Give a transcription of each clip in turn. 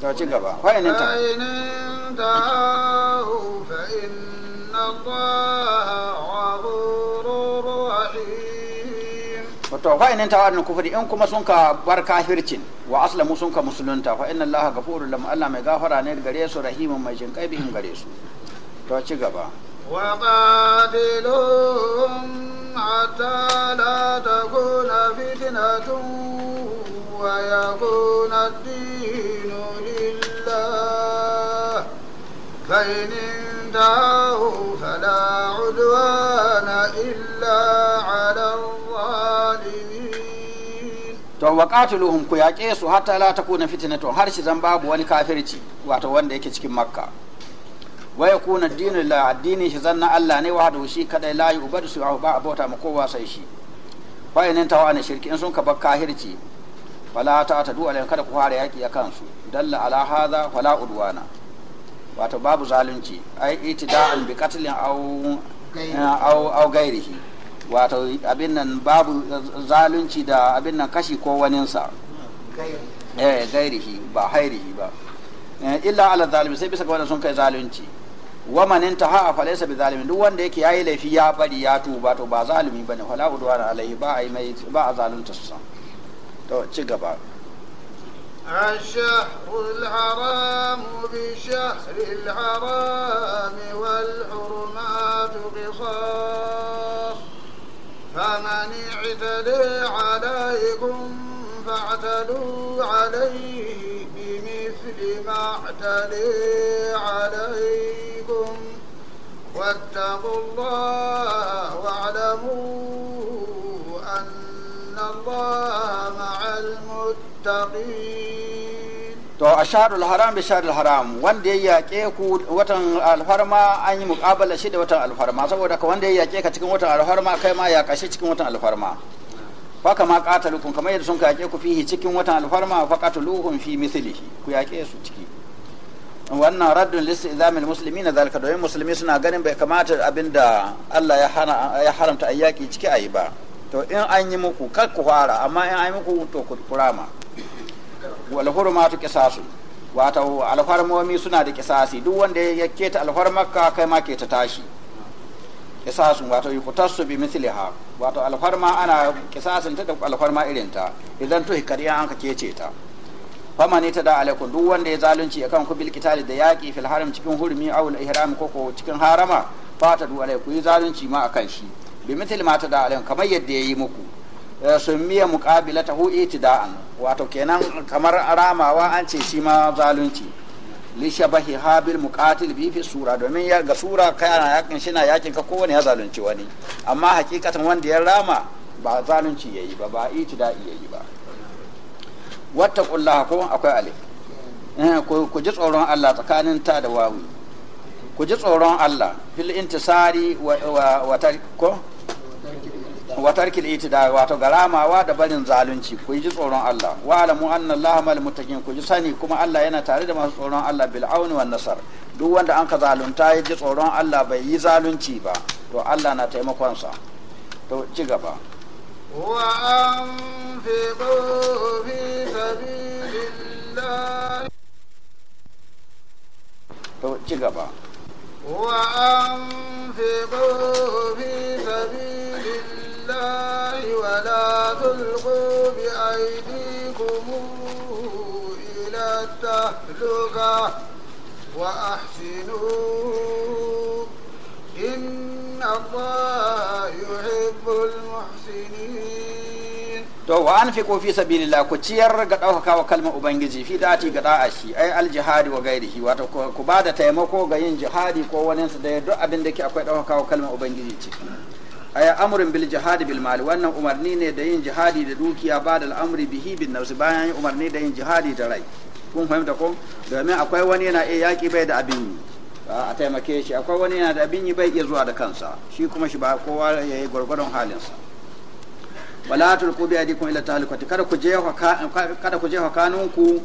to ci gaba fa'inin ta fa inna to fa'inin ta wannan kufuri in kuma sun ka bar kafircin wa aslamu sun ka musulunta fa inna allaha gafurur lam Allah mai gafara ne gare su rahimun mai kai bihin gare su to ci gaba وقاتلهم حتى لا تكون فتنة ويكون الدين فإن انتهوا فلا عدوان إلا على الظالمين to wa qatiluhum ku yaƙe su hatta la takuna fitnatun har shi zan babu wani kafirci wato wanda yake cikin makka wa yakuna dinu la addini shi zan na Allah ne wahdahu shi kadai la yubadu su ba abota ma kowa sai shi fa tawa ne shirki in sun ka bar kafirci fala ta ta du alai kada ku fara yaƙi a kansu. Dan ala hadha fala udwana wato babu zalunci ai itida'an bi qatlin eh, aw aw gairihi wato abin nan babu zalunci da abin nan kashi ko waninsa eh gairihi ba hairihi ba eh, illa ala zalimi sai bisa ga wanda sun kai zalunci wa man intaha fa laysa bi zalimi duk wanda yake yayi laifi ya bari ya tuba to ba zalimi bane wala udwana alaihi ba ai mai ba a zalunta su to ci gaba الشهر الحرام بشهر الحرام والحرمات قصاص فمن اعتدى عليكم فاعتدوا عليه بمثل ما اعتدي عليكم واتقوا الله واعلموا أن الله To a ashharul haram bi shahril haram wanda ya yaƙe ku watan alfarma an yi muqabala shi da watan alfarma saboda ka wanda ya yaƙe ka cikin watan alfarma kai ma ya kashi cikin watan alfarma fa kama qatalukum kamar yadda sun ka yaƙe ku fihi cikin watan alfarma fa qataluhum fi mithlihi ku yaƙe su ciki wannan raddun listizamil musulmi na zalika domin musulmi suna ganin bai kamata abinda Allah ya haramta a yaƙi ciki a yi ba to in an yi muku kar ku fara amma in an yi muku to ku rama. wal hurumatu qisasu wato alfarmomi suna da kisasi duk wanda ya keta alfarmarka kai ma keta tashi kisasu wato yuqtasu bi misliha wato alfarma ana kisasin ta da alfarma irin ta idan to hikariya an ka kece ta fama ne ta da alaikum duk wanda ya zalunci akan ku bil qitali da yaqi fil haram cikin hurmi aw al ihram ko ko cikin harama fa ta du alaiku yi zalunci ma akan shi bi misli ma ta da alaikum kamar yadda yayi muku ta muqabilatahu itida'an wato kenan kamar ramawa an ce shi ma zalunci li shabahi habil muqatil bi fi sura domin ya ga sura kana yakin shi na yakin ka kowane ya zalunci wani amma hakikatan wanda ya rama ba zalunci yayi ba ba itida'i yayi ba wata wattaqullaha ko akwai alif eh, ku ji tsoron Allah tsakanin ta da wawi ku ji tsoron Allah fil intisari wa ko wa tarkil itida wato garamawa da barin zalunci ku ji tsoron Allah wa alamu anna Allah sani kuma Allah yana tare da masu tsoron Allah bil auni nasar duk wanda an ka zalunta ya ji tsoron Allah bai yi zalunci ba to Allah na taimakon sa to ci wa anfiqu fi sabilillah to ci wa anfiqu fi sabilillah الله ولا تلقوا بأيديكم إلى التهلكة وأحسنوا إن الله يحب المحسنين to wa fi sabilillah ku ciyar ga ɗaukaka wa kalmar ubangiji fi dati ga da'a shi ai al wa gairihi wato ku ba da taimako ga yin jihadi ko wani su da duk abin da ke akwai ɗaukaka wa kalmar ubangiji Aya amrun bil jihad bil mal wannan umarni ne da yin jihadi da dukiya ba da amri bihi bin nafsi bayan umarni da yin jihadi da rai kun fahimta ko domin akwai wani yana iya yaki bai da abin yi a taimake shi akwai wani yana da abin yi bai iya zuwa da kansa shi kuma shi ba kowa ya yi gwargwaron halinsa wala ku bi adikum ila talikati kada ku jefa kada ku je kanunku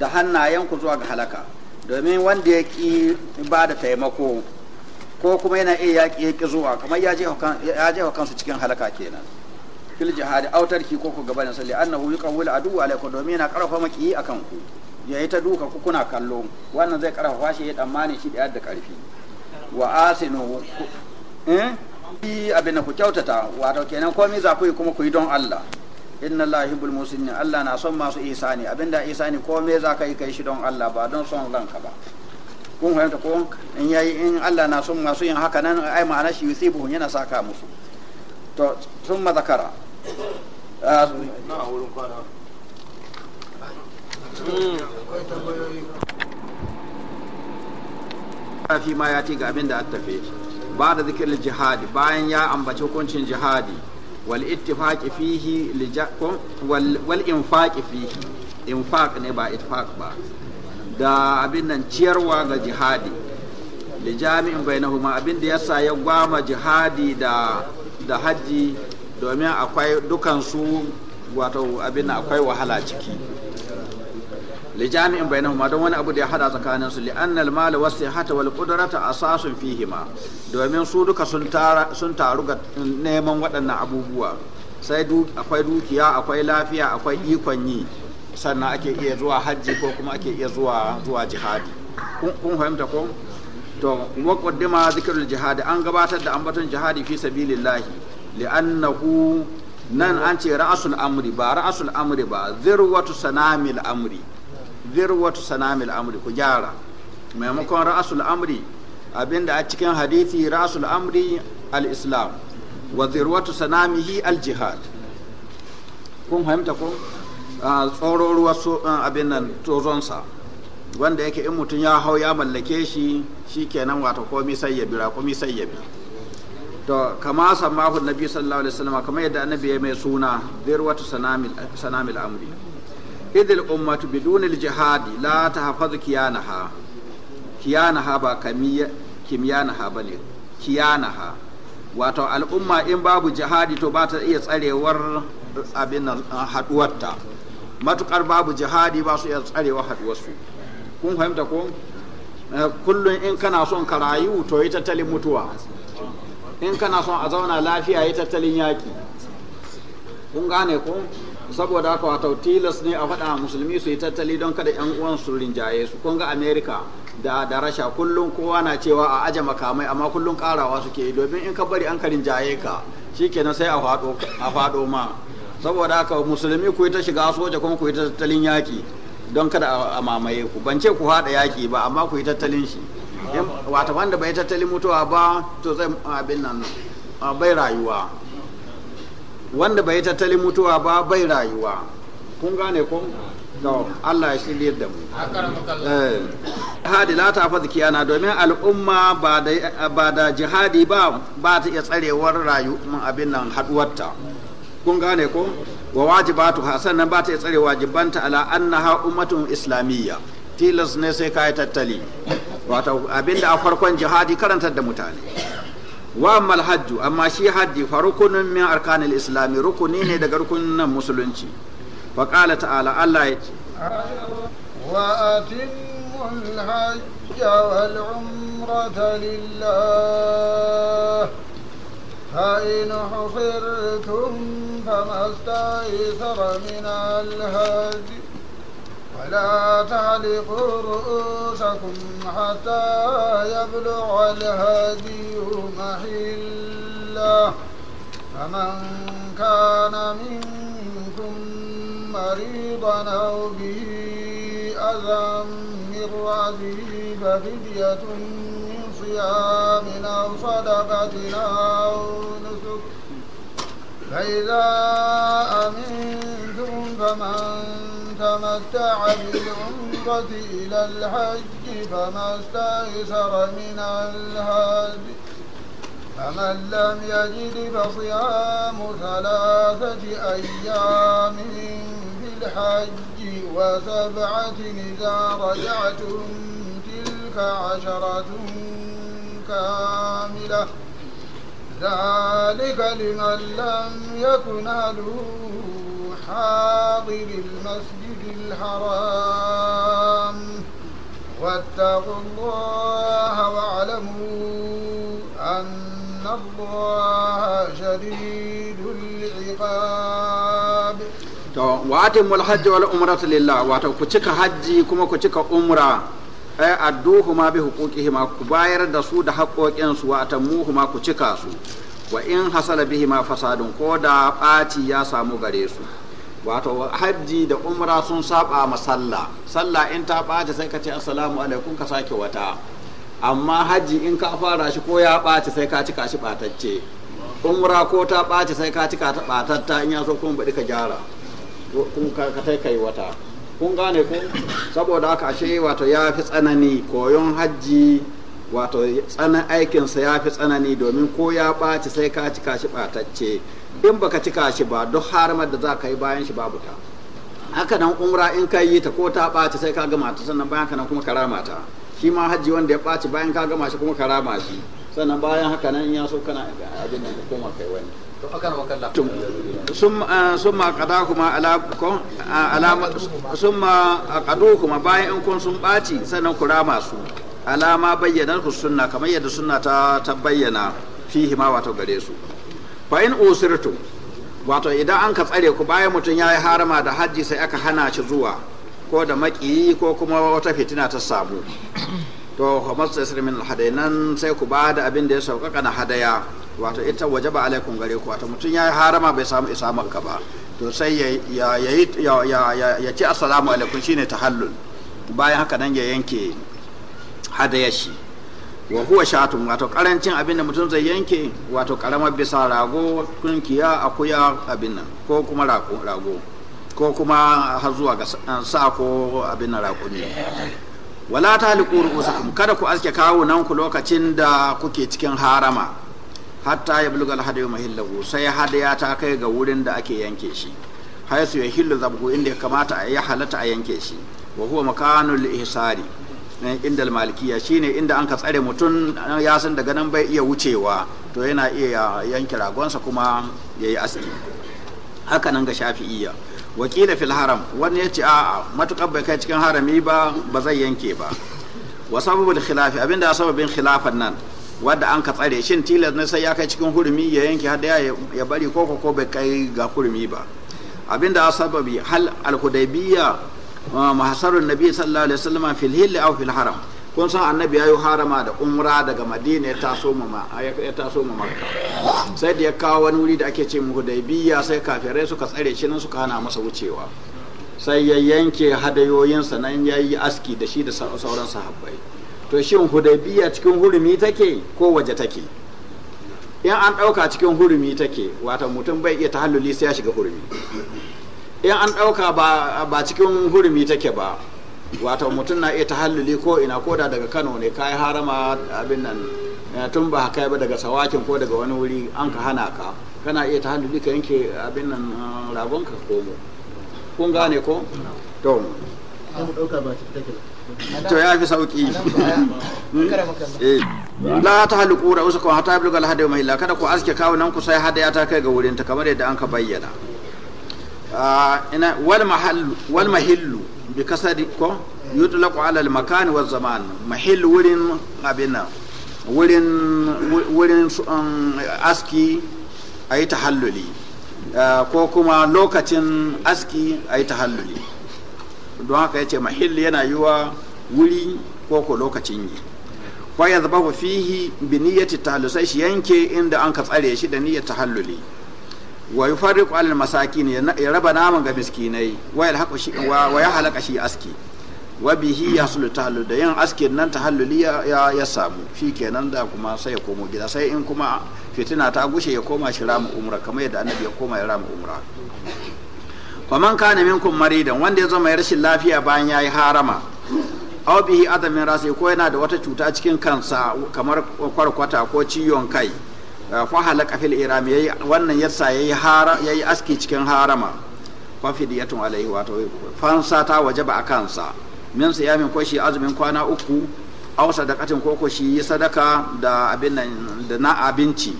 da hannayenku zuwa ga halaka domin wanda ya ki ba da taimako ko kuma yana iya yaƙi ya ƙi zuwa kamar ya wa kansu cikin halaka kenan fil jihadi autarki ko ku gabanin salli annahu yuqawwil adu alaikum domin yana karfa maki akan ku ya yi ta duka ku kuna kallo wannan zai karfa shi ya tsammani shi da da karfi wa asinu eh abin ku kyautata wato kenan komai za ku yi kuma ku yi don Allah inna Allah yuhibbul muslimin Allah na son masu ihsani abinda ihsani komai za ka yi kai shi don Allah ba don son ranka ba kun fahimta ko in yayi in Allah na son masu yin haka nan ai ma'ana shi yusibu yana saka musu to sun mazakara ah, hmm. fi ma ya ci ga abin da an tafe ba da zikirin jihadi bayan ya ambaci hukuncin jihadi wal ittifaqi fihi wal infaqi fihi infaq ne ba ittifaq ba da abin nan ciyarwa ga jihadi da jami'in bainahuma abin da ya sa ya gwama jihadi da da hajji domin akwai dukansu wato abin akwai wahala ciki li jami'in bainahuma don wani abu da ya hada tsakanin su li annal mal wa sihhata wal qudrata asasun fihima domin su duka sun tara sun taru ga neman waɗannan abubuwa sai akwai dukiya akwai lafiya akwai ikon yi sannan ake iya zuwa hajji ko kuma ake iya zuwa zuwa jihadi kun fahimta ko to zikrul jihadi an gabatar da ambaton jihadi fi sabilillahi li'annahu nan an ce ra'asul amri ba ra'asul amri ba zirwatu sanamil amri zirwatu sanamil amri ku gyara maimakon ra'asul amri abinda a cikin hadisi ra'asul amri al-islam wa zirwatu sanamihi al-jihad kun fahimta ko A ah, tsoron ruwa ah, abin nan tozonsa wanda yake in mutum ya hau ya mallake shi shi kenan wata komi sai ya bira komi sai ya bira to kama na nabi sallallahu alaihi wasallam kama yadda annabi ya mai suna dirwatu sanamil sanamil amri idil ummatu bidun al jihadi la tahfazu kiyanaha kiyanaha ba kamiya kimyanaha bane kiyanaha wato al'umma in babu jihadi to ba ta iya tsarewar eh, abin ah, haduwarta matuƙar babu jihadi ba su iya tsarewa haɗuwarsu kun fahimta ko eh, kullum in kana son ka rayu to yi tattalin mutuwa in kana son a zauna lafiya yi tattalin yaƙi kun gane ko saboda haka wato tilas ne a faɗa musulmi su yi tattali don kada yan uwan su rinjaye su kun ga america da da rasha kullum kowa na cewa a aje makamai amma kullum karawa suke yi domin in ka bari an ka rinjaye ka shi kenan sai a faɗo ma saboda haka musulmi ku ta shiga soja kuma ku yi tattalin yaki don kada a mamaye ku ban ce ku haɗa yaki ba amma ku yi tattalin shi wata wanda bai tattalin mutuwa ba to zai abin nan bai rayuwa wanda bai tattalin mutuwa ba bai rayuwa kun gane kun no Allah ya shirye da mu jihadi eh. la ta fazi kiyana domin al'umma ba da jihadi ba ba ta iya tsarewar rayu abin nan haduwarta kun gane ko wa wajibatu ha sannan ba ta tsare wajibanta ala annaha ummatun islamiyya tilas ne sai kai tattali wato abinda a farkon jihadi karantar da mutane wa ammal hajju amma shi haddi fa rukunin min arkanil islami rukuni ne daga rukunin musulunci fa qala ta'ala Allah ya ce wa atimul hajja wal umrata lillah فإن حصرتم فما استيسر من الهدي ولا تعلقوا رؤوسكم حتى يبلغ الهدي محله فمن كان منكم مريضا أو به أذى من رأسه ففدية صيام أو صدقة أو نسك فإذا أمنتم فمن تمتع بالعمرة إلى الحج فما استيسر من الهدي فمن لم يجد فصيام ثلاثة أيام في الحج وسبعة إذا رجعتم تلك عشرة كاملة ذلك لمن لم يكن حاضر المسجد الحرام واتقوا الله واعلموا أن الله شديد العقاب to wa atimul hajji wal umrata lillah wato ku cika hajji kuma ku cika umra adduhuma bi huquqihima ku bayar da su da su wa atammuhuma ku cika su wa in hasala bihima fasadun ko da ɓaci ya samu gare su wato hajji da umra sun saba ma sallah sallah in ta ɓaci sai ka ce assalamu alaikum ka sake wata amma hajji in ka fara shi ko ya ɓaci sai ka cika shi ɓatacce umra ko ta ɓaci sai ka cika ta ɓatatta in ya so kuma baɗi ka gyara kun ka kai wata kun gane kun saboda haka ashe wato ya fi tsanani koyon hajji wato tsanan aikinsa ya fi tsanani domin ko ya ɓaci sai ka cika shi ɓatacce in baka cika shi ba duk haramar da za ka yi bayan shi babu ta haka nan umra in ka yi ta ko ta ɓaci sai ka gama ta sannan bayan nan kuma karama ta shi ma hajji wanda ya ɓaci bayan ka gama shi kuma karama shi sannan bayan haka nan in ya so kana abin da koma kai wani ثم قضاكما على على bayan in kun sun ɓaci sannan ku rama su alama bayyana ku sunna kamar yadda sunna ta ta bayyana fihi ma wato gare su fa in usirtu wato idan an ka tsare ku bayan mutum ya yi harama da hajji sai aka hana shi zuwa ko da maki ko kuma wata fitina ta samu to hamas isri min nan sai ku ba da abin da ya sauƙaƙa na hadaya wato ita waje ba alaikum gare ku wato mutum ya yi harama bai samu isa maka ba to sai ya ya ci assalamu alaikum shine tahallul bayan haka nan ya yanke hadaya shi wa huwa shatun wato karancin abin da mutum zai yanke wato karamar bisa rago kunkiya akuya abin nan ko kuma rago ko kuma har zuwa ga sa ko abin nan rago ne wala ta ru'usakum kada ku aske kawo nan ku lokacin da kuke cikin harama hatta ya bulga alhadayu mahillahu sai hadaya ta kai ga wurin da ake yanke shi su ya hillu zabhu inda ya kamata a yi halatta a yanke shi wa huwa makanul ihsari eh, inda malikiya shine inda an ka tsare mutum eh, ya san daga nan bai iya wucewa to yana iya yanke ragonsa kuma yayi aski haka nan ga shafi'iyya wakila fil haram wani ya ce a'a matukar bai kai cikin harami ba ba zai yanke ba wa sababul khilafi abinda sababin khilafan nan wadda an ka tsare shin tilas ne sai ya kai cikin hurumi ya yanke har ya bari ko ko bai kai ga hurumi ba abinda sababi hal al-hudaybiyya ah, nabi sallallahu alaihi wasallam fil hilli aw fil haram kun san annabi ya yi harama da umra daga madina ya taso ma makka sai da ya kawo wani wuri da ake ce hudaybiya sai kafirai suka tsare shi nan suka hana masa wucewa sai ya yanke hadayoyinsa nan ya yi aski da shi da sauran sahabbai to shin hudaybiya cikin hurumi take ko waje take in an ɗauka cikin hurumi take wata mutum bai iya tahalluli sai ya shiga hurumi in an ɗauka ba cikin hurumi take ba wato mutum na iya tahallili ko ina ko da daga kano ne kayi harama abin nan eh, tun ba kai ba daga sawakin ko daga wani wuri an ka hana ka kana iya tahallili ka yanke abin nan eh, ragon ka komo kun gane ko to to ya fi sauki eh. la ta haluku da usu kuma hata bulga alhadi mai la kada ku aske kawo nan ku sai hada ya ta kai ga wurin ta kamar yadda an ka bayyana ah, ina wal mahallu bi kasari ko yutlaqu ala al-makan wa zaman mahil wurin abin wurin wurin aski ayi tahalluli ko kuma lokacin aski ayi tahalluli don haka yace mahil yana yuwa wuri ko ko lokacin yi wa yadhbahu fihi bi niyyati tahallusi yanke inda an ka tsare shi da niyyar tahalluli wa yufarriqu alal masakin ya raba naman ga miskinai wa yalhaqu shi wa ya halaka shi aski wa bihi yasulu halu da yin aski nan tahalluli ya ya samu kenan da kuma sai ya komo gida sai in kuma fitina ta gushe ya koma shi ramu umra kamar yadda annabi ya koma ya ramu umra wa man kana minkum maridan wanda ya zama ya rashin lafiya bayan yayi harama aw bihi adamin rasi ko yana da wata cuta cikin kansa kamar kwarkwata ko ciyon kai Eh, fa halaka fil iram yayi wannan yasa yayi hara yayi aski cikin harama fa fidiyatun alaihi wa fansa ta wajaba akan sa min siyamin ko shi azumin kwana uku aw sadaqatin ko ko shi yi sadaka da abin da na abinci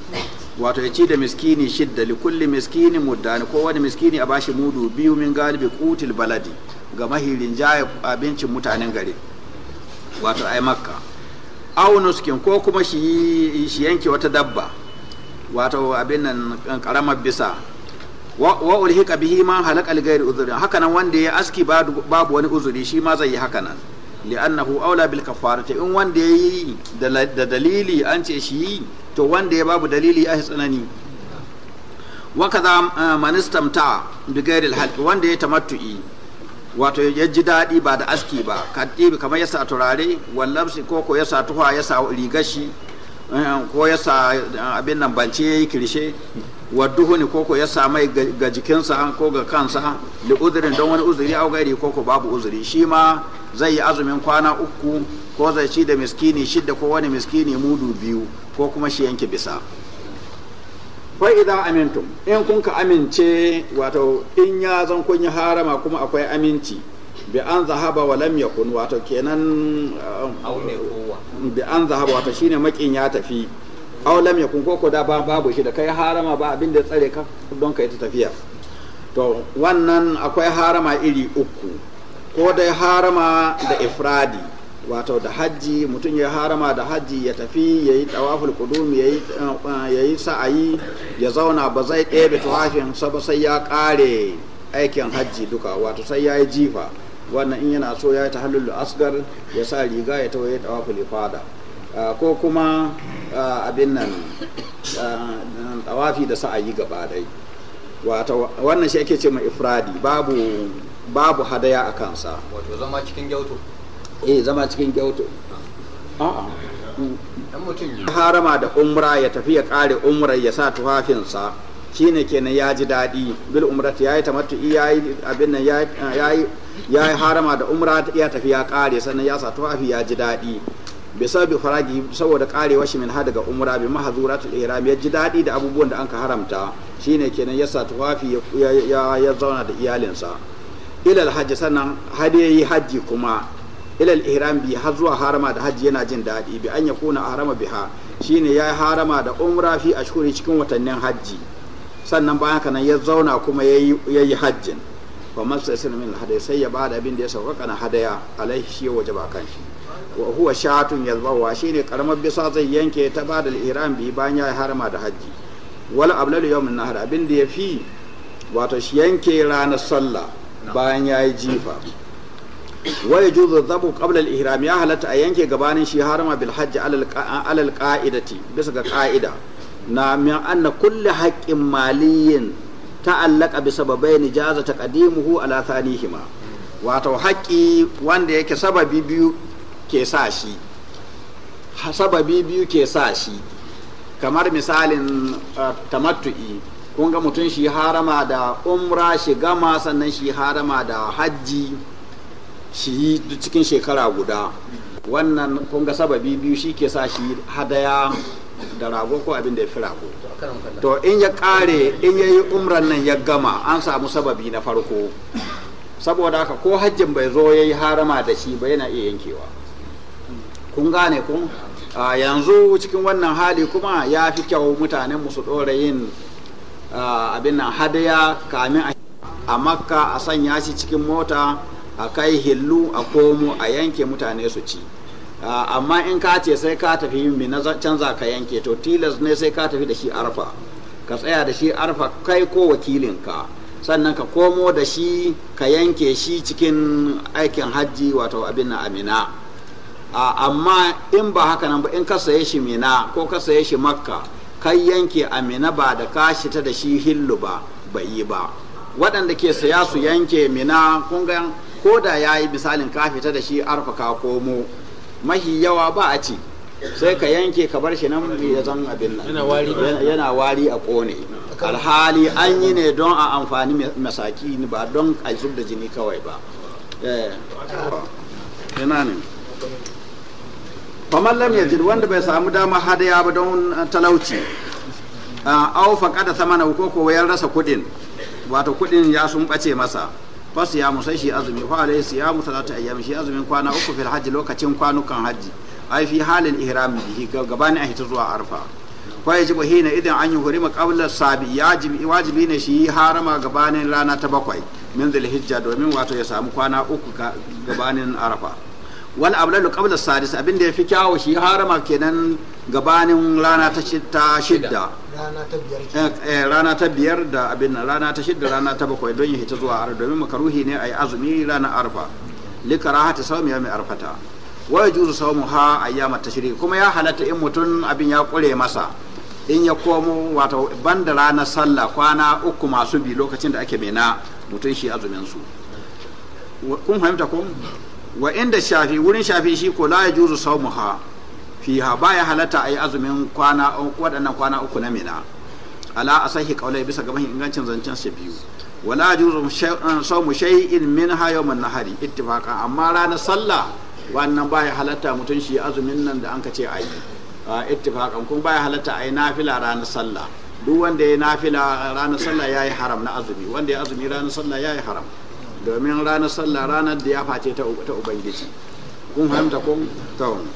wato ya ci da miskini shidda li kulli miskini muddani ko wani miskini a bashi mudu biyu min galibi qutil baladi ga mahirin jaya abincin mutanen gari wato ai makka aw nuskin ko kuma shi yanke wata dabba wato abin nan karamar bisa wa ulhiqa bihi ma halaka li ghairi uzuri haka wanda ya aski babu wani uzuri shi ma zai yi haka nan li'annahu aula bil kafarati in wanda yayi da dalili an ce shi to wanda ya babu dalili a tsanani wa kaza eh, man bi ghairi al wanda ya tamattu'i wato ya ji daɗi ba da aski ba kadibi kamar ya sa turare wallabsi koko ya sa tuha ya sa rigashi Eh, ko ya sa eh, abin nan bance ya yi kirshe wadduhu ko koko ya sa mai ga jikinsa ko ga kansa da uzurin don wani uzuri au gari ko babu uzuri shi ma zai yi azumin kwana uku ko zai ci da miskini shidda ko wani miskini mudu biyu ko kuma shi yanke bisa fa idan amintum in kun ka amince wato in ya zan kun yi harama kuma akwai aminci bi an zahaba wa lam yakun wato kenan bi an zahaba wato shine makin ya tafi aw lam yakun ko da ba babu shi da kai harama ba abin da tsare ka don kai ta tafiya to wannan akwai harama iri uku ko da harama da ifradi wato da hajji mutum ya harama da hajji ya tafi ya yi tawaful kudum eh, ya yi sa'ayi ya zauna ba zai ɗebe tuwafin sa ba sai ya ƙare aikin hajji duka wato sai ya yi jifa wannan in yana so ya yi tahallul asgar ya sa riga ya tawaye wafi lifada ah, ko kuma ah, abin nan ah, tawafi da sa'ayi gaba dai wato wannan shi ake ce mai ifradi babu babu hadaya a kansa wato zama cikin gyauto eh zama cikin gyauto a'a dan mutum harama da umra ya tafi ya kare umra ya sa tufafinsa shine kenan ya ji daɗi bil umrata yayi tamattu yayi abin nan yayi ya yi harama da umra ta iya tafiya kare sannan ya sa tufafi ya ji daɗi bi sabbi faragi saboda karewa shi min ha daga umra bi mahzuratul ihram ya ji daɗi da abubuwan da anka haramta shine kenan ya sa tufafi ya zauna da iyalinsa ilal hajji sannan hade yi hajji kuma ilal ihram bi har zuwa harama da hajji yana jin daɗi bi an ya kuna harama biha shine ya yi harama da umra fi ashkuri cikin watannin hajji sannan bayan ka nan ya zauna kuma ya yi hajjin fa masa sun min hadaya sai ya ba da abin da ya sauƙaƙa na hadaya alaihi shi ya waje kan shi wa huwa shatun yadhawa shine karamar bisa zai yanke ta bada al-ihram bi bayan ya harama da haji wal ablal yawmin nahar abin da yafi wato shi yanke ranar sallah bayan ya yi jifa wa yajuzu dhabu qabla al-ihram ya halatta a yanke gabanin shi harama bil hajji alal qa'idati bisa ga qa'ida na min anna kulli haqqin maliyin ta'allaka bi ni jaza kadimuhu ala thanihima wato haƙi wanda yake sababi biyu ke sa shi sababi biyu ke sa shi kamar misalin uh, tamattu'i kun ga mutum shi harama da umra shi gama sannan shi harama da hajji shi yi cikin shekara guda wannan kun ga sababi biyu shi ke sa shi hadaya da rago ko abin da ya fi rago to in ya kare in ya yi umran nan ya gama an samu sababi na farko saboda haka ko hajjin bai zo ya yi harama da shi ba yana iya yankewa kun gane kun yanzu cikin wannan hali kuma ya fi kyau mutanen musu ɗora yin abin nan hadaya kamin a makka a sanya shi cikin mota a kai hillu a komo a yanke mutane su ci Ah, amma in ka ce sai ka tafi yin na canza ka yanke to tilas ne sai ka tafi da shi arfa ka tsaya da shi arfa kai ko wakilinka sannan ka komo da shi ka yanke shi cikin aikin hajji wato abin amina ah, amma in ba haka nan ba in ka saye shi mina ko ka saye shi makka kai yanke amina ba da ka shita da shi hillu ba bai yi ba waɗanda ke saya su yanke mina kun ko da ya yi misalin ka fita da shi arfa ka komo mahi yawa ba a ci sai ka yanke ka bar shi nan ya zan abin nan yana wari a kone alhali an yi ne don a amfani masaki ba don a zub da jini kawai ba yana eh. ne faman wanda bai samu dama hadaya ba don talauci A ah, aufa kada samana ko ko ya rasa kudin wato kudin ya sun bace masa fa ya sai shi azumi fa alai siyamu salatu ayyam shi azumin kwana uku fil hajji lokacin kwanukan hajji ai fi halin ihram bihi gabani a hita zuwa arfa fa yajibu hina idan an yuhrima qabla sabi yajibi wajibi ne shi harama gabanin rana ta bakwai min hijja domin wato ya samu kwana uku gabanin arfa wal ablalu qabla sadis abinda ya fi kyawu shi harama kenan gabanin rana ta shidda eh, eh, rana ta biyar da abin rana ta shidda rana ta bakwai don ya hita zuwa arfa domin makaruhi ne yi azumi rana arfa hata saumiya samu arfata wa ha sawmuha ta tashrik kuma ya halatta in mutum abin ya kure masa in ya komo ban banda ranar sallah kwana uku masu bi lokacin da ake mena mutum shi azumin su kun fahimta ko wa inda shafi wurin shafi shi ko la ya juzu saumuha fiha baya halatta ayi azumin kwana waɗannan kwana uku na mina ala asahi kaulai bisa gaban ingancin zancen shi biyu wala juzu saumu eh, shay'in min ha yawmin nahari ittifaqan amma ranar sallah wannan baya halatta mutun shi azumin nan da anka ce ayi ittifaqan kun baya halatta ayi nafila ranar sallah duk wanda ya nafila ranar sallah yayi haram na azumi wanda ya azumi ranar sallah yayi haram domin ranar sallah ranar da ya face ta ubangiji kun fahimta ko tawon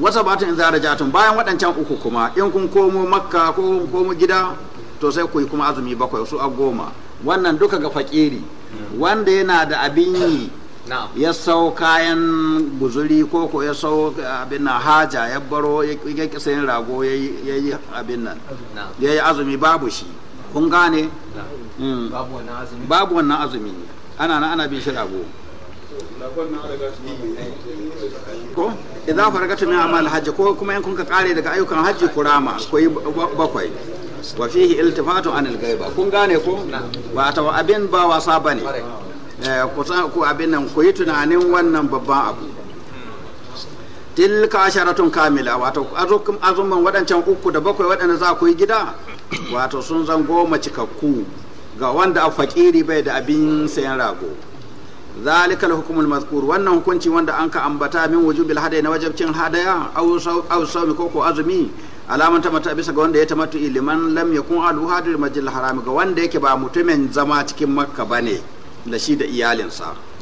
wasa batun in zara jatun bayan waɗancan uku kuma in kun komo makka ko kun komo gida to sai ku yi kuma azumi bakwai su a goma wannan duka ga fakiri hmm. wanda yana da abin yi ya sau kayan guzuri ko ko ya sau abin na haja ya baro ya kisa yin rago ya yi abin nan ya yi azumi babu shi kun gane mm. babu wannan azumi ana na ana bin shi rago ko idan faragatu min amal hajji ko kuma in kun ka kare daga ayyukan hajji kurama ko bakwai wa fihi iltifatu anil gaiba kun gane ko wato abin ba wasa bane eh, ku abin nan ku yi tunanin wannan babban abu tilka asharatun kamila wato azumman waɗancan uku da bakwai waɗanda za ku yi gida wato sun zan goma cikakku ga wanda a fakiri bai da abin sayan rago zalikal hukumul mazkur wannan hukunci wanda an ka ambata min wujubil hadai na wajibcin hadaya aw sawmi ko ko azumi alaman ta mata bisa ga wanda ya tamattu liman lam yakun al hadir majil harami ga wanda yake ba mutumin zama cikin makka bane da shi da iyalinsa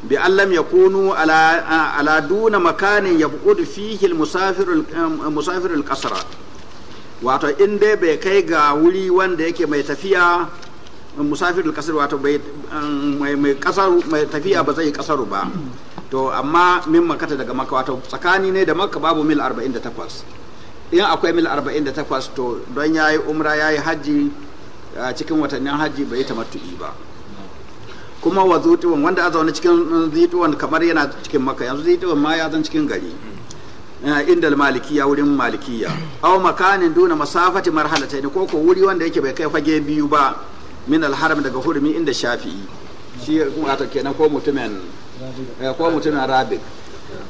bi allam ya kunu ala duna makanin yabqud fihi al-musafir al eh, wato in dai bai kai ga wuri wanda yake mai tafiya musafir kasar wato bai eh, mai kasar mai tafiya ba zai kasaru ba to amma min makata daga maka wato tsakani ne da maka babu mil 48 in akwai mil 48 to don ya yi umra ya yi hajji eh, cikin watannin hajji bai yi tamattu ba kuma wa zutuwan wanda a zaune cikin zutuwan kamar yana cikin maka yanzu zutuwan ma ya zan cikin gari ah, inda malikiya wurin malikiya aw makanin duna masafati marhalatayn ko ko wuri wanda yake bai kai fage biyu ba min alharam daga hurmi inda shafi'i shi wato kenan ko mutumin eh, ko mutumin arabic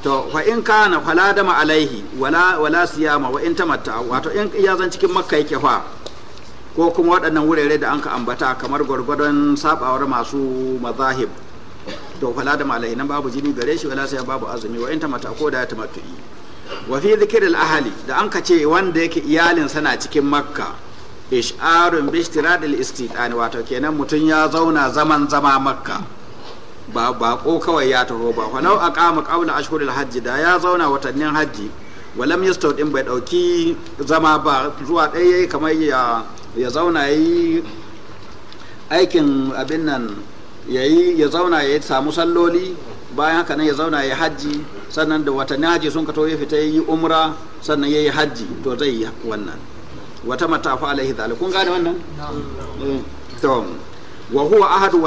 to fa in kana fala dama alaihi wala wala siyama wa in tamatta wato in ya zan cikin makka yake fa ko kuma waɗannan wurare da an ka ambata kamar gwargwadon sabawar masu mazahib to fala da malai nan babu jini gare shi wala sai babu azumi wa inta mata ko da ya tamattu'i wa fi dhikril ahli da an ka ce wanda yake iyalin sana cikin makka ish'arun bi istiradil istitani wato kenan mutun ya zauna zaman zama makka ba ko kawai ya taho ba walau aqama qawla ashhuril hajji da ya zauna watannin hajji walam yastawdin bai dauki zama ba zuwa ɗaya yayi kamar ya ya zauna ya yi aikin abin nan ya zauna ya samu salloli bayan haka nan ya zauna ya hajji sannan da watanni hajji sun kato ya fita ya yi umra sannan ya yi hajji to zai yi wannan wata matafa fa alaihi zalik kun gane wannan eh, to wa huwa ahadu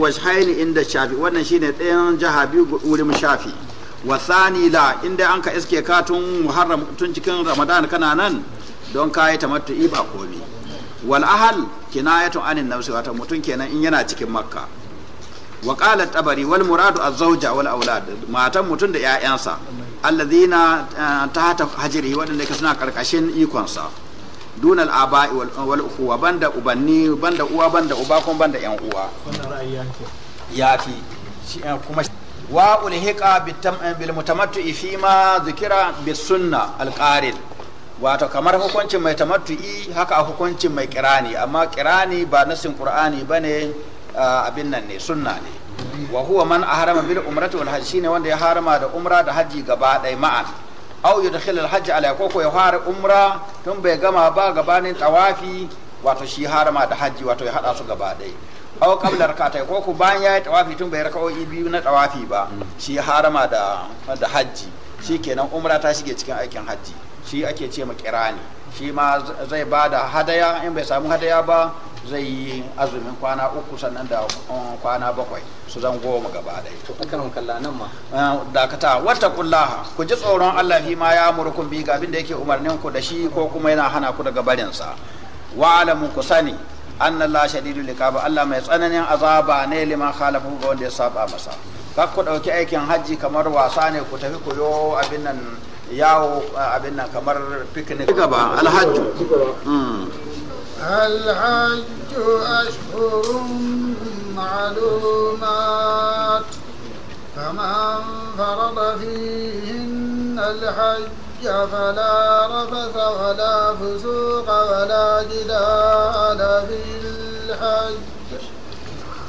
washhaini inda shafi wannan shine ɗayan jaha biyu wurin shafi wa thani la inda an ka iske katun muharram tun cikin ramadan kana nan don kayi tamattu'i ba komi wal ahal kinayatun anin nafsi wata mutum kenan in yana cikin makka wa qala tabari wal muradu az-zawja wal aulad matan mutum da ƴaƴansa alladhina eh, tahta hajri wadanda ke suna karkashin ikonsa dun al-aba'i wal ukhuwa banda ubanni banda uwa banda uba kun banda ƴan uwa yafi eh, kuma wa ulhiqa eh, bil mutamattu fi ma dhukira bis sunna al-qarin wato kamar hukuncin mai tamattu'i haka a hukuncin mai kirani amma kirani ba nasin qur'ani bane abin nan ne sunna ne wa huwa man ahrama bil umrati wal hajji shine wanda ya harama da umra da haji gaba ɗaya ma'an au yudkhil al hajj ala koko ya fara umra tun bai gama ba gabanin tawafi wato shi harama da haji wato ya hada su gaba ɗaya au qabla rakatai ko ku bayan yayi tawafi tun bai raka'o'i biyu na tawafi ba shi harama da da shi kenan umra ta shige cikin aikin haji shi ake ce ma kirani shi ma zai ba da hadaya in bai samu hadaya ba zai yi azumin kwana uku sannan da um, kwana bakwai su zan goma gaba ɗaya. To kakan kalla nan ma. Uh, dakata wata kullaha ku ji tsoron Allah fi ma ya murkun bi ga abin da yake umarnin ku da shi ko kuma yana hana ku daga barinsa. Wa alamu ku sani anna la shadidu likaba Allah mai tsananin azaba ne liman khalafu ga wanda ya saba masa. Kar ku ɗauki aikin hajji kamar wasa ne ku tafi ku yo abin nan ياو abin nan kamar picnic الحج الحج أشهر معلومات فمن فرض فيهن الحج فلا رفث ولا فسوق ولا جدال في الحج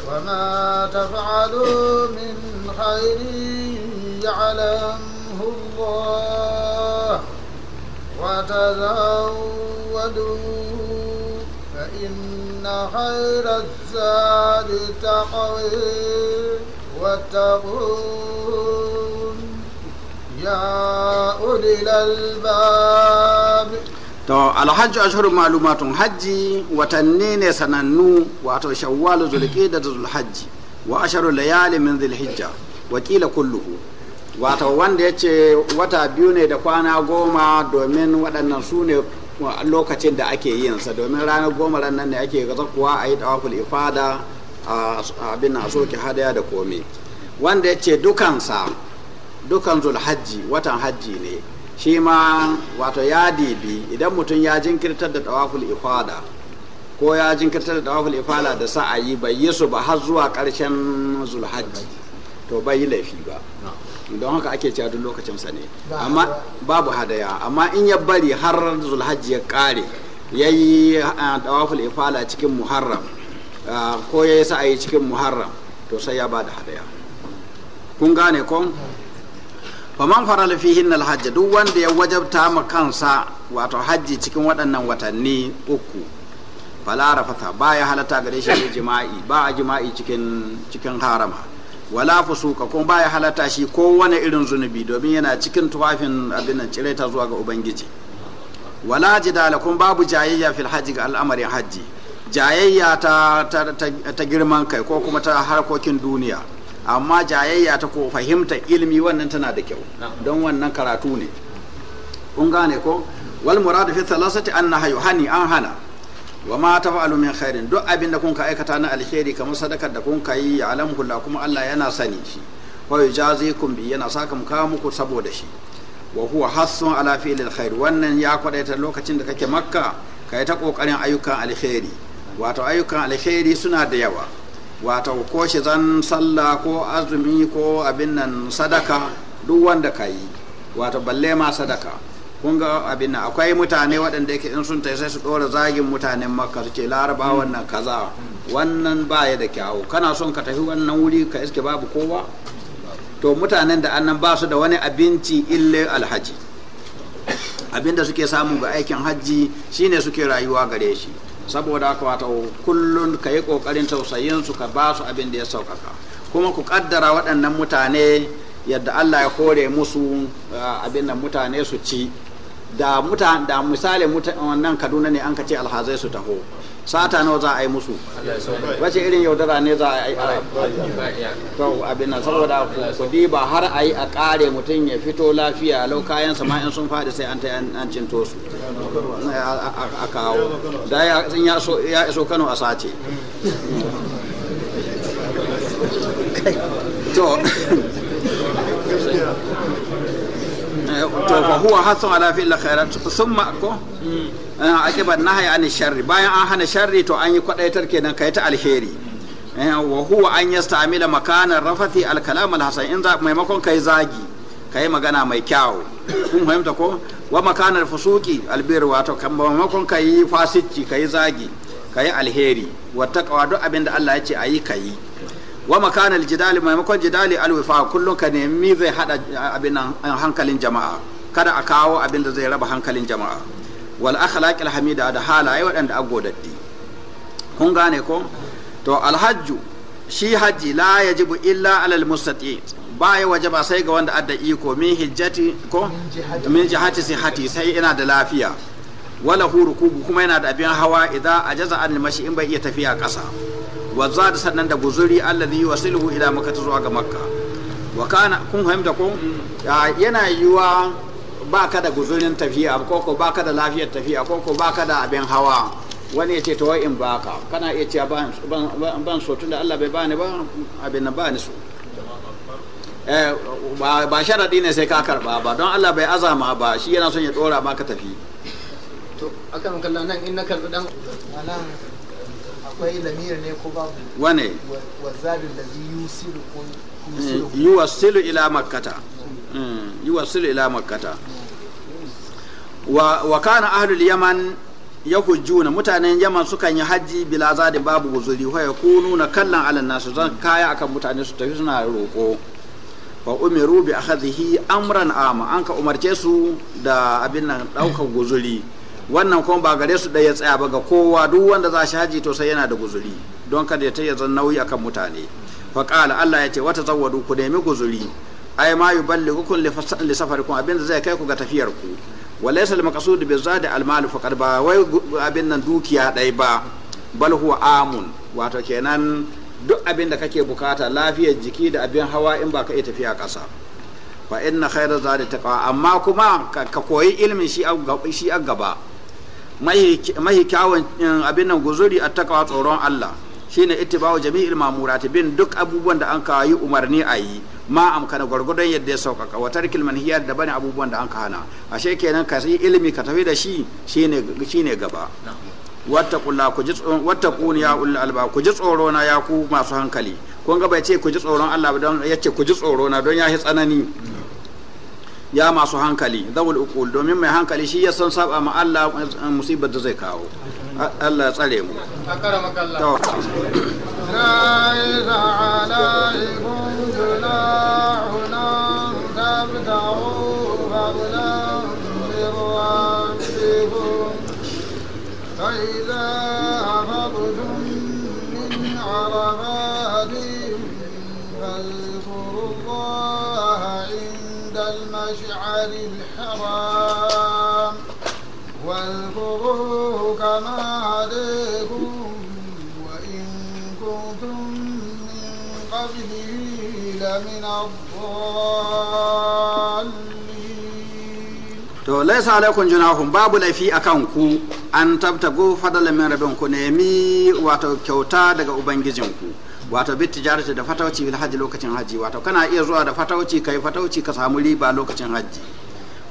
وما تفعلوا من خير يعلم الله وتزودوا فإن خير الزاد التقوي واتقون يا أولي الألباب to alhaji ashhuru ma'lumatun hajji watanni ne sanannu wato shawwal zulqa'da da zulhajji wa asharu layali min dhilhijja wa qila kulluhu wata wanda ya ce wata biyu ne da kwana goma domin waɗannan su ne lokacin da ake yinsa domin ranar goma ranar ne ake kuwa a yi tawaful ifada abin a soke hadaya da komi wanda ya ce dukansa dukan zulhajji watan hajji ne shi ma wato ya dibi idan mutum ya jinkirtar da tawaful ifada ko ya jinkirtar da tawaful ifada da sa'ayi bai yi su ba har zuwa ƙarshen zulhaji to bai yi laifi ba don haka ake cewa duk lokacin sa ne amma babu hadaya amma in ya bari har zulhajji ya kare yayi tawaful ifala cikin muharram ko yayi yi cikin muharram to sai ya bada hadaya kun gane ko faman farala fihin duk wanda ya wajabta ma kansa wato hajji cikin waɗannan watanni uku fala rafata baya halata gare shi jima'i ba a jima'i cikin cikin harama wala fusuka kuma baya halata shi ko wani irin zunubi domin yana cikin tufafin abin cire ta zuwa ga ubangiji wala jidala kuma babu jayayya fil hajji ga al'amarin hajji jayayya ta, ta, girman kai ko kuma ta harkokin duniya amma jayayya ta ko fahimta ilimi wannan tana da kyau don wannan karatu ne kun gane ko wal muradu fi thalathati annaha yuhani an hana wa ma fa'alu min khairin duk abin da kun ka aikata na alheri kamar sadakar da kun ka yi ya alamu hula kuma Allah yana sani shi wa yujazikum bi yana saka muka muku saboda shi wa huwa hassun ala alkhair wannan ya kwadaita lokacin da kake makka kai ta kokarin ayyukan alheri wato ayyukan alheri suna da yawa wato ko shi zan sallah ko azumi ko abin nan sadaka duk wanda ka yi wato balle ma sadaka kun ga abin nan akwai mutane waɗanda yake in sun sai su ɗora zagin mutanen makka su ce laraba hmm. wannan kaza wannan baya da kyawu kana son ka tafi wannan wuri ka iske babu kowa to mutanen da annan ba su da wani abinci ille alhaji abin da suke samu ga aikin hajji shine suke rayuwa gare shi saboda haka wato kullun ka yi kokarin tausayin su ka ba su abin da ya saukaka kuma ku kaddara waɗannan mutane yadda Allah ya kore musu ah, abin da mutane su ci da mutane da misali wannan kaduna ne an ka ce alhazai su taho sata nawa za a yi musu wace irin yaudara ne za a yi to abin saboda kudi ba har a yi a kare mutum ya fito lafiya lau kayan sama in sun fadi sai an ta an cinto su a kawo da ya iso kano a sace to fa huwa hasan ala fi'l khairat summa ko eh, ban nahyi an sharri bayan an hana sharri to an yi kwadaitar kenan kai ta alheri eh, wa huwa an yasta'mila makana rafati al kalam al hasan in maimakon kai zagi kai magana mai kyau kun fahimta ko wa makanar fusuki wa wato kan maimakon kai fasici kai zagi kai alheri wa taqwa duk abinda da Allah ya ce ayi kai wa makana aljidali maimakon jidali alwifa kullum ka nemi zai hada abin hankalin jama'a kada a kawo abin da zai raba hankalin jama'a wal akhlaqil hamida da halaye waɗanda agodaddi kun gane ko to alhajju shi hajji la yajibu illa alal mustati ba ya waje ba sai ga wanda adda iko min hijjati ko min jihati hati sai ina da lafiya wala hurukubu kuma yana da abin hawa idan ajaza an mashi in bai iya tafiya kasa wa zada sannan da guzuri alladhi yuwasiluhu ila makka zuwa ga makka wa kana kun fahimta ko yana yiwa baka da guzurin tafiya ko ko baka da lafiyar tafiya ko ko baka da abin hawa wani ya ce to in baka kana iya cewa ban so tunda Allah bai bani ba abin nan bani so ba sharadi ne sai ka karba ba don Allah bai azama ba shi yana son ya dora ma ka tafi to akan kallon nan in na karbi dan wane yi eh, ila makkata hmm, ila makkata wa kana ahlul yaman yahujjuna mutanen yaman sukan yi hajji bila zadi babu guzuri wa nuna kallan ala nasu zan kaya akan mutane su tafi suna roko fa umiru bi akhadhihi amran ama an ka umarce su da abin nan daukar guzuri wannan kuma ba gare su ɗaya tsaya ba ga kowa duk wanda za shi haji to sai yana da guzuri don kada ya tayyaza zan nauyi akan mutane fa qala Allah ya ce wata zawadu ku nemi guzuri ai ma yuballighukum li safarikum abin da zai kai ku ga tafiyar ku walaysa al maqsud bi zadi al mal ba wai abin nan dukiya ɗaya ba bal huwa amun wato kenan duk abin da kake bukata lafiyar jiki da abin hawa in ba ka iya tafiya ƙasa fa inna khayra zadi taqwa amma kuma ka koyi ilmin shi a gaba mahi kyawun eh, abin nan guzuri a takawa tsoron Allah shine ittiba'u ilma mamurati bin duk abubuwan da an yi umarni a yi ma amkana gwargwadon yadda ya sauƙaƙa wa tarkil manhiyat da bane abubuwan da an ka hana ashe kenan ka yi ilimi ka tafi da shi shine gaba wata kuni ya ulla alba ku ji tsoro na ya ku masu hankali kun ga bai ce ku ji tsoron Allah ba don yace ku ji tsoro na don ya yi tsanani ya masu hankali zawul ukul domin mai hankali shi ya san saba ma Allah musibar da zai kawo Allah ya tsare mu فإذا لمن الضالين to laisa alaikum junahum babu laifi akan ku an tabtago fadalan min rabin ku nemi wato kyauta daga ubangijinku wato bit tijarati da fatauci bil haji lokacin haji wato kana iya zuwa da fatauci kai fatauci ka samu riba lokacin haji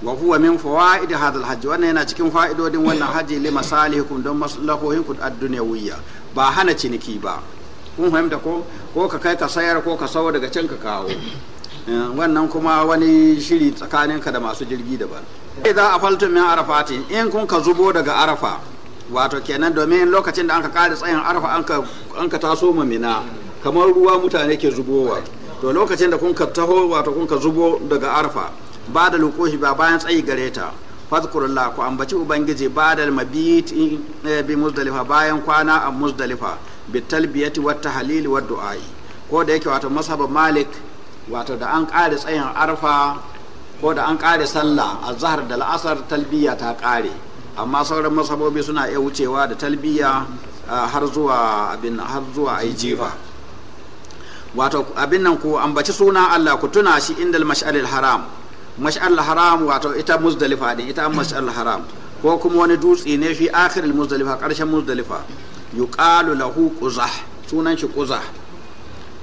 wa huwa min fawaid hadha al wannan yana cikin fa'idodin wannan haji li masalihikum don maslahohinku ad-dunyawiyya ba hana ciniki ba kun fahimta ko ko ka kai ka sayar ko ka sayo daga can ka kawo eh, wannan kuma wani shiri tsakanin ka da masu jirgi daban sai a faltun min arafati in kun ka zubo daga arafa wato kenan domin lokacin da anka kare tsayin arafa an ka taso ma mina kamar ruwa mutane ke zubowa to lokacin da kun ka taho wato kun ka zubo daga arafa ba da lukushi ba bayan tsayi gare ta fadkurullah ku ambaci ubangiji ba da mabiti eh, bi muzdalifa bayan kwana a muzdalifa bi talbiyati wa tahlil wa du'a'i ko da yake wato masaba malik wato da an ƙare tsayin arfa ko da an kare sallah a zahar da la'asar talbiya ta ƙare amma sauran masabobi suna iya wucewa da talbiya har zuwa abin har zuwa ai jifa wato abin nan ku ambaci suna Allah ku tuna shi indal mash'alil haram mash'alil haram wato ita muzdalifa din ita mash'alil haram ko kuma wani dutse ne fi akhiril muzdalifa karshen muzdalifa yuqalu lahu quzah sunan shi quzah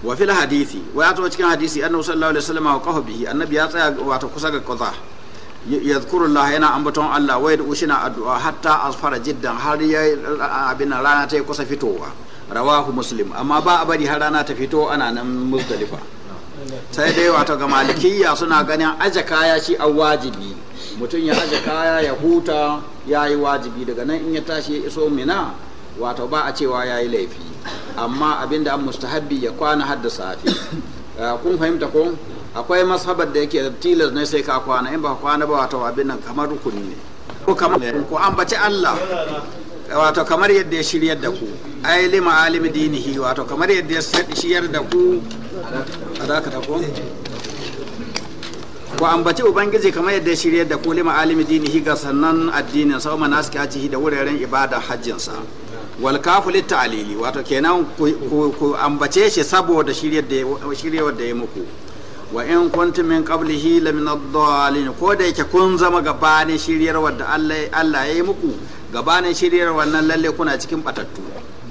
wa fil hadisi wa ya zo cikin hadisi annabi sallallahu alaihi wasallam wa qahu bihi annabi ya tsaya wato kusa ga quzah yadhkuru Allah yana ambaton Allah wa ushina addu'a hatta asfara jiddan har ya abin rana ta kusa fitowa rawahu muslim amma ba a bari har rana ta fito ana nan muzdalifa sai dai wato ga malikiyya suna ganin aje kaya shi a wajibi mutum ya aje kaya ya huta ya yi wajibi daga nan in ya tashi ya iso mina wato ba a cewa ya yi laifi amma abinda an mustahabbi ya kwana hadda safi safe ah, kun fahimta ko akwai mashabar da yake tilas ne sai ka kwana in ba ka kwana ba wato abin nan kamar rukuni ne ko kamar ku ambaci Allah wato kamar yadda ya shiryar da ku ai lima alimi dinihi wato kamar yadda ya shiryar da ku adaka ta ko ku ambaci ubangiji kamar yadda ya shiryar da ku lima alimi dinihi ga sannan addinin sa'uma nasu kaci da wuraren ibada hajjinsa wal kafu litta'lili wato kenan ku ambace shi saboda shiryar da ya muku wa in kuntum min qablihi la min ad-dallin ko da yake kun zama gabanin shiryar wadda Allah ya yi muku gabanin shiryar wannan lalle kuna cikin batattu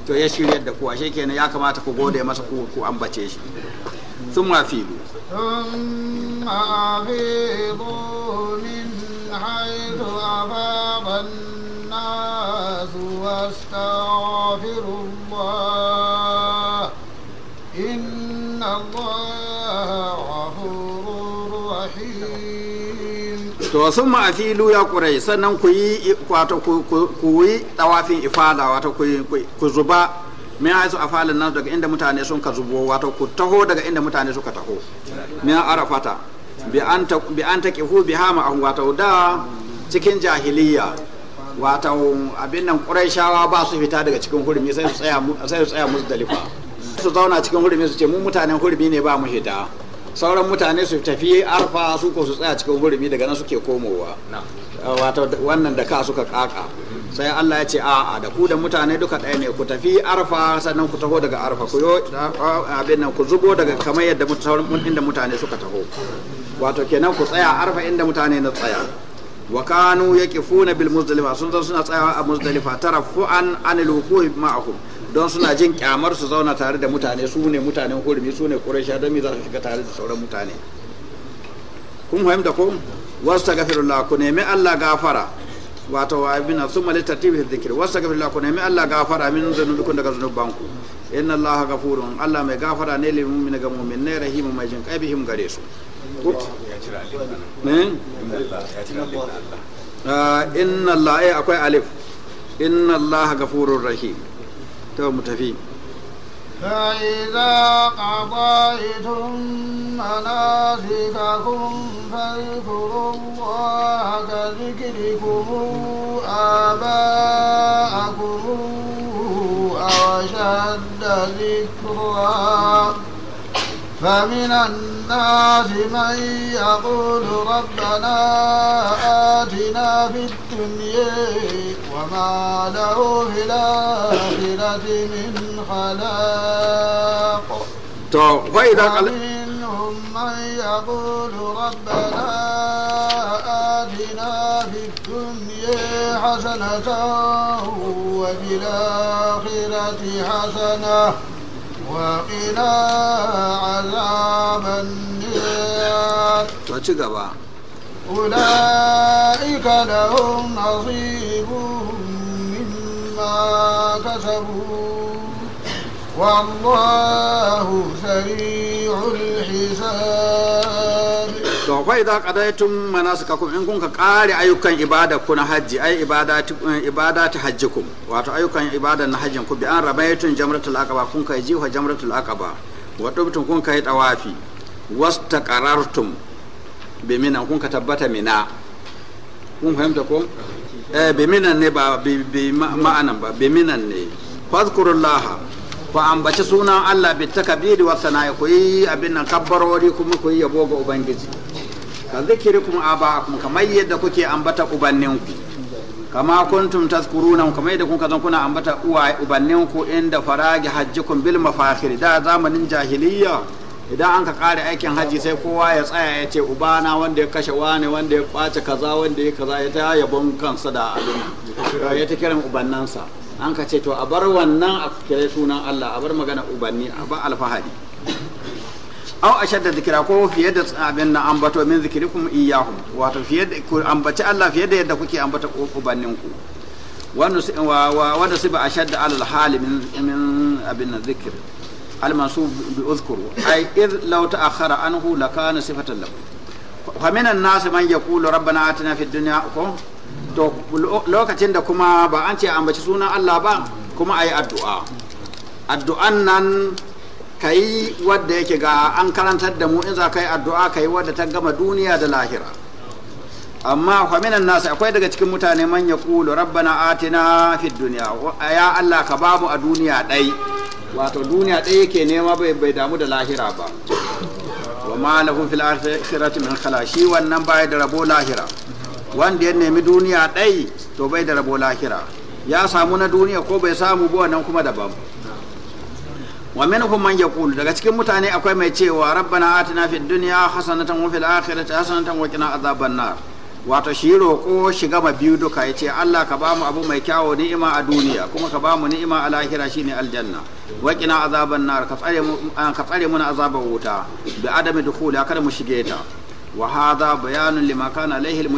to ya shiryar da ku ashe kenan ya kamata ku gode masa ku ku ambace shi sun ma ثم من حيث أفاض واستغفر الله إن الله غفور رحيم to sun ma filu ya kurai sannan ku yi wato ku yi tawafin ifada wato ku zuba min haisu afalin nan daga inda mutane sun ka zubo wato ku taho daga inda mutane suka taho min arafata bi an ta bi an ta kihu bi hama wato da cikin jahiliya wata abin nan shawa ba su fita daga cikin hurumi sai su tsaya musu dalifa su zauna cikin hurumi su ce mu mutanen hurumi ne ba mu fita sauran mutane su tafi arfa su ko su tsaya cikin hurumi daga nan suke komowa wato wannan da ka suka kaka sai Allah ya ce a'a da ku da mutane duka ɗaya ne ku tafi arfa sannan ku taho daga arfa ku yo abin nan ku zubo daga kamar yadda inda mutane suka taho wato kenan ku tsaya arfa inda mutane na tsaya wa kanu yaqifuna bil muzdalifa sun zo suna tsayawa a muzdalifa tarafu'an anil wuqufi ma'ahum don suna jin kyamar su zauna tare da mutane su ne mutanen hurmi su ne quraisha don mi za su shiga tare da sauran mutane kun fahimta ko wastaghfirullah ku nemi Allah gafara wato abin summa litartibi dhikr wastaghfirullah ku nemi Allah gafara min dhunubikum daga zunubanku inna Allah gafurun Allah mai gafara ne lil mu'mini ga mu'min ne rahimu mai jin kaibihim gare su Eh? Eh? inna Allah ai eh, akwai alif inna Allah gafurur rahim to mu tafi فإذا قضيتم مناسككم فاذكروا الله كذكركم آباءكم أو أشد ذكرا فمن الناس من يقول ربنا آتنا في الدنيا وما له في الآخرة من خلاق ومنهم من يقول ربنا آتنا في الدنيا حسنة وفي الآخرة حسنة وقنا عذاب النار وتقبع أولئك لهم نصيب مما كسبوا والله سريع الحساب wa idza qadaytum manasikakum in kun ka ayyukan ibada ku na hajji ay ibadatu ibadatu hajjikum wato ayyukan ibadan na hajjin ku bi an rabaytum jamratul aqaba kun kai wa jamratul aqaba wa tubtum kun kai tawafi wastaqarartum bi mina kun ka tabbata mina kun fahimta ko eh bi minan ne ba bi ma'anan ba bi minan ne fadhkurullaha ku ambaci sunan Allah bi takabiri wa sana'i ku yi abin nan kabbarori kuma ku yi yabo ga ubangiji kuma Aba kuma kamar yadda kuke ambata ubanninku kama kuntum tazkuruna kamar yadda kuka zan kuna ambata uwaye ubanninku inda faragi hajjikum bil mafakhir da zamanin jahiliya idan an ka kare aikin hajji sai kowa ya tsaya ya ce ubana wanda ya kashe wani wanda ya kwace kaza wanda ya kaza ya ta yabon kansa da abin ya ta kiran ubannansa an ka ce to a bar wannan a kire sunan Allah a bar magana ubanni a ba alfahari aw ashadda zikira ko fiye da abin na ambato min zikrikum iyyahum wato fiye da ku ambaci Allah fiye da yadda kuke ambata ubannin ku wanda wanda siba ashadda alal hali min min abin na zikr al mansub bi uzkuru ay id law ta'akhkhara anhu lakana sifatan lahu fa minan nas man yaqulu rabbana atina fid dunya ko to lokacin da kuma ba an ce ambaci sunan Allah ba kuma ayi addu'a addu'an nan ka yi wadda yake ga an karantar da mu in za ka yi addu'a ka yi wadda ta gama duniya da lahira amma faminan nasu akwai daga cikin mutane man ya kulu rabbana atina fid duniya ya Allah ka bamu a duniya ɗai wato duniya ɗai yake nema bai damu da lahira ba wa ma lahu fil akhirati min shi wannan baya da rabo lahira wanda ya nemi duniya ɗai to bai da lahira ya samu na duniya ko bai samu ba wannan kuma daban wa minhum man yaqulu daga cikin mutane akwai mai cewa rabbana atina fid dunya hasanatan wa fil akhirati hasanatan wa qina azaban nar wato shi roko shi gama biyu duka yace Allah ka ba mu abu mai kyawo ni'ima a duniya kuma ka ba mu ni'ima a lahira shine aljanna wa qina azaban nar ka tsare mu ka tsare mu na azaban wuta bi adami dukhuli kada mu shige ta wa hadha bayanun lima kana alaihi al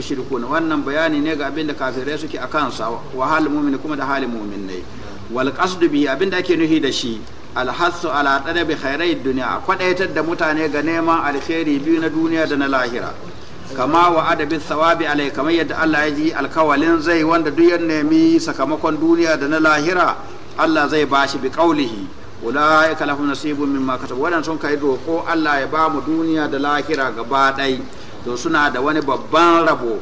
wannan bayani ne ga abinda kafirai suke akan sa wa hal mu'min kuma da halin mu'min ne wal qasdu bi abinda ake nuhi da shi alhassu ala bi khairai duniya a kwaɗaitar da mutane ga neman alkhairi biyu na duniya da na lahira kama wa adabin sawabi alai kamar yadda Allah ya ji alkawalin zai wanda duk ya nemi sakamakon duniya da na lahira Allah zai bashi bi qaulihi ulaika lahum nasibun mimma kasabu wadan sun kai roko Allah ya ba mu duniya da lahira gaba ɗai to suna da wani babban rabo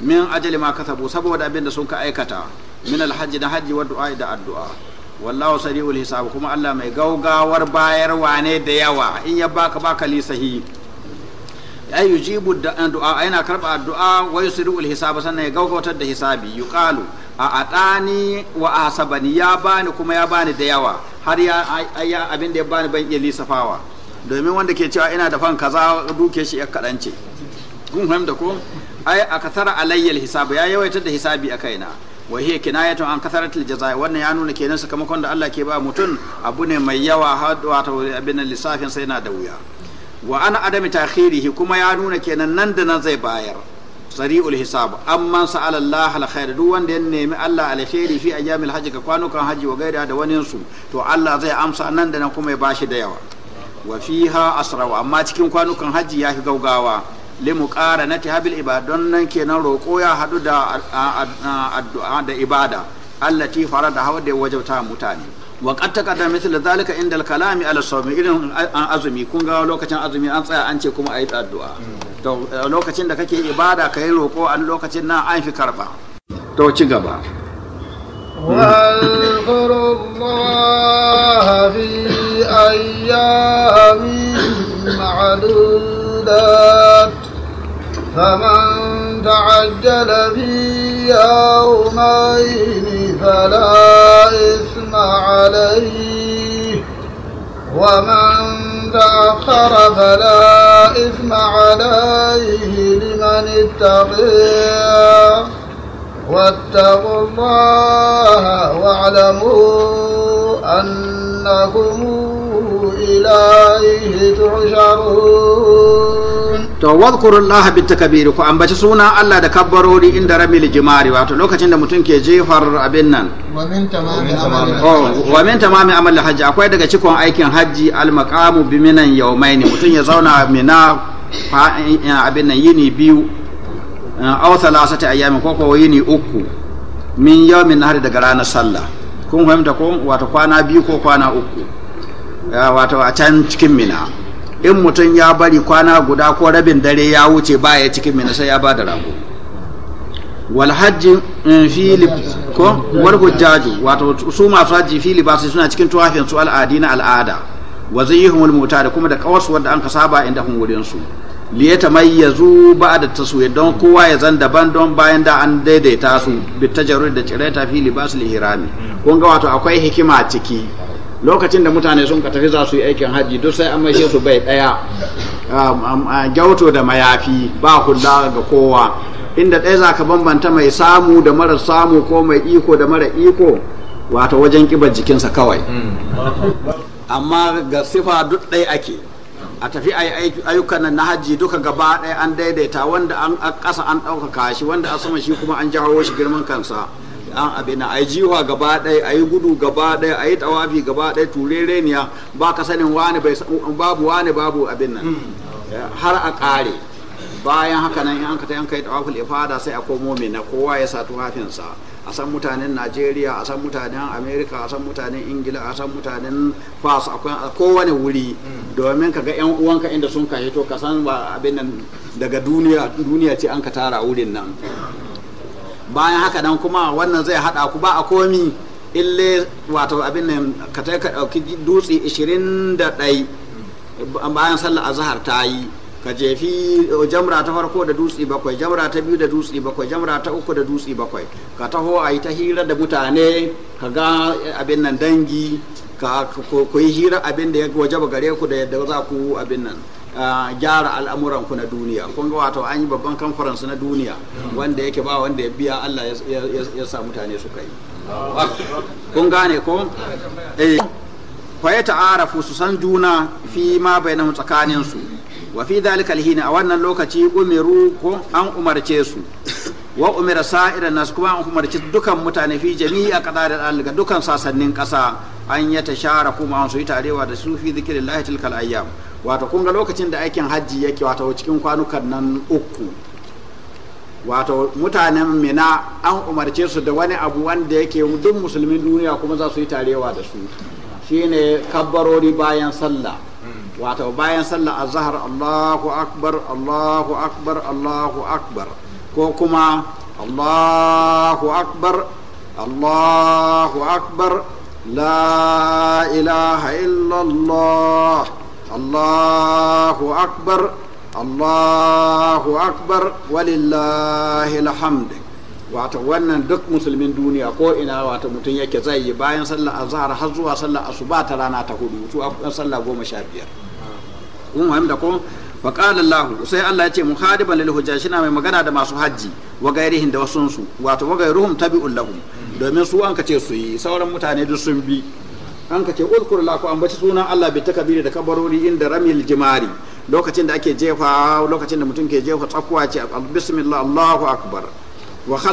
min ajali ma kasabu saboda abin da sun ka aikata min alhaji da haji wa du'a da addu'a wallahu sari'ul hisab kuma Allah mai gaugawar bayarwa ne da yawa in ya baka baka li sahi ay yujibu du'a yana karba addu'a wa yusri'ul hisab sannan ya gaugawatar da hisabi yuqalu a atani wa asabani ya bani kuma ya bani da yawa har ya abin da ya bani ban iya lissafawa domin wanda ke cewa ina da fan kaza duke shi ya kadance kun fahimta ko ai a kasara alayyal hisab ya yawaitar da hisabi a kaina wa hiya kinayatun an kasaratil jazaa wannan ya nuna kenan sakamakon da Allah ke ba mutum abu ne mai yawa wato abin lissafin sai na da wuya wa ana adami takhirihi kuma ya nuna kenan nan da nan zai bayar sari'ul hisab amma sa'ala Allah alkhair duk wanda ya nemi Allah alkhairi fi ayyamil hajji ka kwanukan haji wa gaida da wani su to Allah zai amsa nan da nan kuma ya bashi da yawa wa fiha asra amma cikin kwanukan haji ya fi gaugawa limu ƙara na tihabil ibadon nan kenan roƙo ya haɗu da addu'a da ibada Allah ti fara da hawa da ya wajabta mutane wa qad taqaddama mithla zalika inda kalami ala sawmi irin an azumi kun ga lokacin azumi an tsaya an ce kuma ayi addu'a to lokacin da kake ibada kai roƙo a lokacin nan an fi karba to ci gaba واذكروا الله في أيام معدودات فمن تعجل في يومين فلا إثم عليه ومن تأخر فلا إثم عليه لمن اتقي واتقوا الله واعلموا أنكم إليه تحشرون to wadhkurullaha bitakbir ku ambaci suna Allah da kabbarori inda ramil jimari wato lokacin da mutum ke jefar abin nan wa min tamami oh, amali hajji akwai daga cikon aikin hajji al maqamu bi minan yawmain mutum ya zauna mina fa eh, abin nan yini biyu eh, aw thalathati ayyamin ko ko yini uku min yawmin nahar daga ranar sallah kun fahimta ko wato kwana biyu ko kwana uku eh, wato a can cikin mina in mutum ya bari kwana guda ko rabin dare ya wuce ba ya cikin mina sai ya ba da rago wal hajji mm, fili ko wal hujjaju wato su masu hajji fili ba su suna cikin tuwafin su al'adi na al'ada wa mota da kuma da kawarsu wanda an kasa saba inda hun wurin su mai ya zu ba da taswiyar don kowa ya zan daban don bayan da an daidaita su bitajarur da cire ta fili ba su lihirami kun ga wato akwai hikima ciki lokacin da mutane sun ka tafi za su yi aikin hajji duk sai an maishe su bai daya um, um, gyauto da mayafi ba hula ga kowa inda ɗaya za ka bambanta mai samu da mara samu ko mai iko da mara iko wato wajen ƙibar jikinsa kawai amma ga sifa duk ɗaya ake a tafi ayyukan na hajji duka gaba ɗaya an daidaita wanda an ƙasa an ɗaukaka shi wanda a sama shi kuma an jawo shi girman kansa an abina a yi jiwa gaba ɗaya a yi gudu gaba ɗaya a yi tawafi gaba ɗaya turere niya ba ka sanin wani babu wani babu abin nan hmm. har a ƙare bayan haka nan in an ka ta yanka yi tawaful ifada sai a komo na kowa ya sa tufafinsa a san mutanen najeriya a san mutanen amerika a san mutanen ingila a san mutanen fas a kowane wuri hmm. domin ka ga yan uwanka inda sun ka hito ka san abin nan daga duniya duniya ce an ka tara wurin nan bayan haka nan kuma wannan zai hada ku ba a komi ille wato abin nan ka ta ka dauki dutse 21 bayan sallar azhar ta yi ka jefi uh, jamra ta farko da dutse bakwai jamra ta biyu da dutse bakwai jamra ta uku da dutse bakwai ka taho a yi ta hira da mutane ka ga uh, abin nan dangi ka ku yi hira abin da ya wajaba gare ku da yadda za ku abin nan gyara al'amuran ku na duniya kun ga wato an yi babban conference na duniya wanda yake ba wanda ya biya Allah ya sa mutane su kai kun gane ko eh fa ya ta'arafu su san juna fi ma bainahum tsakanin su wa fi dhalika alhina a wannan lokaci umiru ko an umarce su wa umira sa'ira nas kuma an umarci dukan mutane fi jami'a qadarin al dukan sasannin kasa an ya tashara kuma an su yi tarewa da su fi zikrillahi tilkal ayyam wato kun ga lokacin da aikin hajji yake wato cikin kwanukan nan uku wato mutanen mina an umarce su da wani abu wanda yake duk musulmin duniya kuma za su yi tarewa da su shine kabbarori bayan sallah wato bayan sallah azhar Allahu akbar Allahu akbar Allahu akbar ko kuma Allahu akbar Allahu akbar la ilaha illallah الله أكبر الله أكبر ولله الحمد wato wannan duk musulmin duniya ko ina wato mutum yake zai yi bayan sallar azhar har zuwa sallar asuba ta rana ta hudu su afkan sallah goma sha biyar kun fahimta ko fa qala Allah sai Allah ya ce muhadiban lil shi na mai magana da masu hajji. wa gairihin da wasunsu wato wa gairuhum tabi'un lahum domin su an kace su yi sauran mutane duk sun bi an ka ce uzkur la ku ambaci sunan Allah bi takabiri da kabarori inda ramil jimari lokacin da ake jefa lokacin da mutum ke jefa tsakuwa ce bismillah Allahu akbar